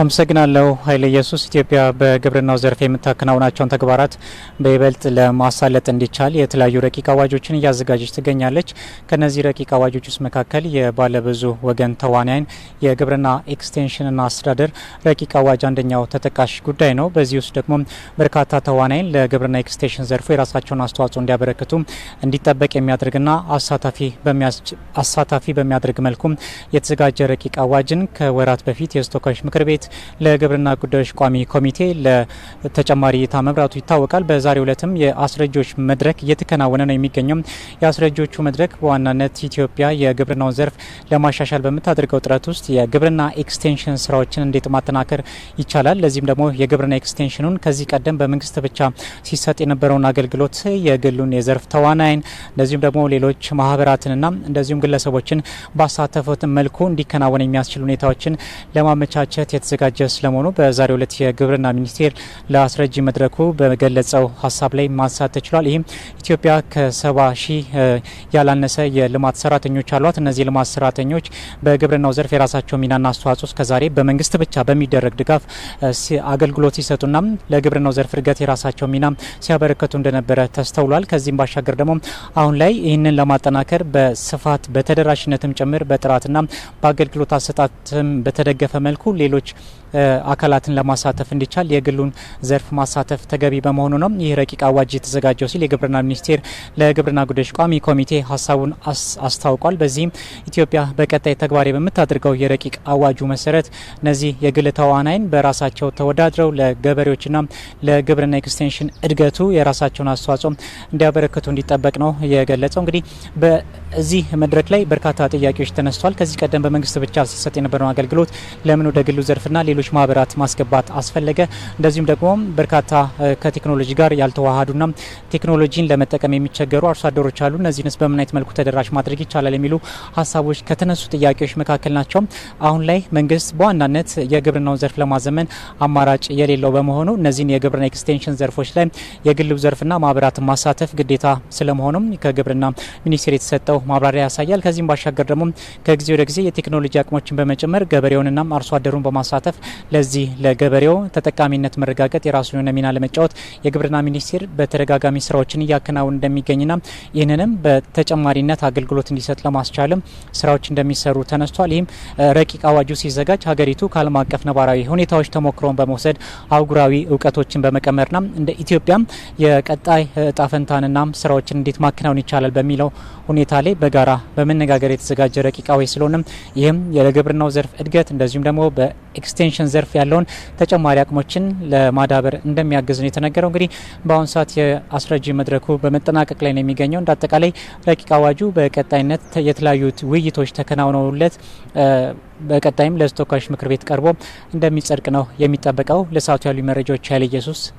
አመሰግናለሁ ኃይለ ኢየሱስ። ኢትዮጵያ በግብርናው ዘርፍ የምታከናውናቸውን ተግባራት በይበልጥ ለማሳለጥ እንዲቻል የተለያዩ ረቂቅ አዋጆችን እያዘጋጀች ትገኛለች። ከነዚህ ረቂቅ አዋጆች ውስጥ መካከል የባለብዙ ወገን ተዋንያን የግብርና ኤክስቴንሽንና አስተዳደር ረቂቅ አዋጅ አንደኛው ተጠቃሽ ጉዳይ ነው። በዚህ ውስጥ ደግሞ በርካታ ተዋንያን ለግብርና ኤክስቴንሽን ዘርፉ የራሳቸውን አስተዋጽኦ እንዲያበረክቱ እንዲጠበቅ የሚያደርግና አሳታፊ በሚያደርግ መልኩ የተዘጋጀ ረቂቅ አዋጅን ከወራት በፊት የተወካዮች ምክር ቤት ለግብርና ጉዳዮች ቋሚ ኮሚቴ ለተጨማሪ እይታ መብራቱ ይታወቃል። በዛሬው ዕለትም የአስረጆች መድረክ እየተከናወነ ነው የሚገኘው። የአስረጆቹ መድረክ በዋናነት ኢትዮጵያ የግብርናውን ዘርፍ ለማሻሻል በምታደርገው ጥረት ውስጥ የግብርና ኤክስቴንሽን ስራዎችን እንዴት ማጠናከር ይቻላል፣ ለዚህም ደግሞ የግብርና ኤክስቴንሽኑን ከዚህ ቀደም በመንግስት ብቻ ሲሰጥ የነበረውን አገልግሎት የግሉን የዘርፍ ተዋናይን እንደዚሁም ደግሞ ሌሎች ማህበራትንና እንደዚሁም ግለሰቦችን ባሳተፉት መልኩ እንዲከናወን የሚያስችል ሁኔታዎችን ለማመቻቸት የተዘ እየተዘጋጀ ስለመሆኑ በዛሬው ዕለት የግብርና ሚኒስቴር ለአስረጂ መድረኩ በገለጸው ሀሳብ ላይ ማንሳት ተችሏል። ይህም ኢትዮጵያ ከሰባ ሺህ ያላነሰ የልማት ሰራተኞች አሏት። እነዚህ ልማት ሰራተኞች በግብርናው ዘርፍ የራሳቸው ሚናና አስተዋጽኦ እስከዛሬ በመንግስት ብቻ በሚደረግ ድጋፍ አገልግሎት ሲሰጡና ለግብርናው ዘርፍ እድገት የራሳቸው ሚና ሲያበረከቱ እንደነበረ ተስተውሏል። ከዚህም ባሻገር ደግሞ አሁን ላይ ይህንን ለማጠናከር በስፋት በተደራሽነትም ጭምር በጥራትና በአገልግሎት አሰጣትም በተደገፈ መልኩ ሌሎች አካላትን ለማሳተፍ እንዲቻል የግሉን ዘርፍ ማሳተፍ ተገቢ በመሆኑ ነው ይህ ረቂቅ አዋጅ የተዘጋጀው ሲል የግብርና ሚኒስቴር ለግብርና ጉዳዮች ቋሚ ኮሚቴ ሀሳቡን አስታውቋል። በዚህም ኢትዮጵያ በቀጣይ ተግባራዊ በምታደርገው የረቂቅ አዋጁ መሰረት እነዚህ የግል ተዋናይን በራሳቸው ተወዳድረው ለገበሬዎችና ለግብርና ኤክስቴንሽን እድገቱ የራሳቸውን አስተዋጽኦ እንዲያበረክቱ እንዲጠበቅ ነው የገለጸው። እንግዲህ በዚህ መድረክ ላይ በርካታ ጥያቄዎች ተነስተዋል። ከዚህ ቀደም በመንግስት ብቻ ሲሰጥ የነበረውን አገልግሎት ለምን ወደ ግሉ ዘርፍ ማህበራትና ሌሎች ማህበራት ማስገባት አስፈለገ? እንደዚሁም ደግሞ በርካታ ከቴክኖሎጂ ጋር ያልተዋሃዱና ቴክኖሎጂን ለመጠቀም የሚቸገሩ አርሶ አደሮች አሉ። እነዚህንስ በምን አይነት መልኩ ተደራሽ ማድረግ ይቻላል የሚሉ ሀሳቦች ከተነሱ ጥያቄዎች መካከል ናቸው። አሁን ላይ መንግስት በዋናነት የግብርናውን ዘርፍ ለማዘመን አማራጭ የሌለው በመሆኑ እነዚህን የግብርና ኤክስቴንሽን ዘርፎች ላይ የግሉ ዘርፍና ማህበራት ማሳተፍ ግዴታ ስለመሆኑም ከግብርና ሚኒስቴር የተሰጠው ማብራሪያ ያሳያል። ከዚህም ባሻገር ደግሞ ከጊዜ ወደ ጊዜ የቴክኖሎጂ አቅሞችን በመጨመር ገበሬውንና አርሶ አደሩን በማሳ በመሳተፍ ለዚህ ለገበሬው ተጠቃሚነት መረጋገጥ የራሱ የሆነ ሚና ለመጫወት የግብርና ሚኒስቴር በተደጋጋሚ ስራዎችን እያከናወን እንደሚገኝና ይህንንም በተጨማሪነት አገልግሎት እንዲሰጥ ለማስቻልም ስራዎች እንደሚሰሩ ተነስቷል። ይህም ረቂቅ አዋጁ ሲዘጋጅ ሀገሪቱ ከዓለም አቀፍ ነባራዊ ሁኔታዎች ተሞክሮን በመውሰድ አህጉራዊ እውቀቶችን በመቀመርና እንደ ኢትዮጵያም የቀጣይ እጣ ፈንታንና ስራዎችን እንዴት ማከናወን ይቻላል በሚለው ሁኔታ ላይ በጋራ በመነጋገር የተዘጋጀ ረቂቅ አዋጅ ስለሆነም ይህም የግብርናው ዘርፍ እድገት እንደዚሁም ደግሞ በ ኤክስቴንሽን ዘርፍ ያለውን ተጨማሪ አቅሞችን ለማዳበር እንደሚያግዝ ነው የተነገረው። እንግዲህ በአሁኑ ሰዓት የአስረጂ መድረኩ በመጠናቀቅ ላይ ነው የሚገኘው። እንደ አጠቃላይ ረቂቅ አዋጁ በቀጣይነት የተለያዩ ውይይቶች ተከናውነውለት በቀጣይም ለተወካዮች ምክር ቤት ቀርቦ እንደሚጸድቅ ነው የሚጠበቀው። ለሰዓቱ ያሉ መረጃዎች ያለ ኢየሱስ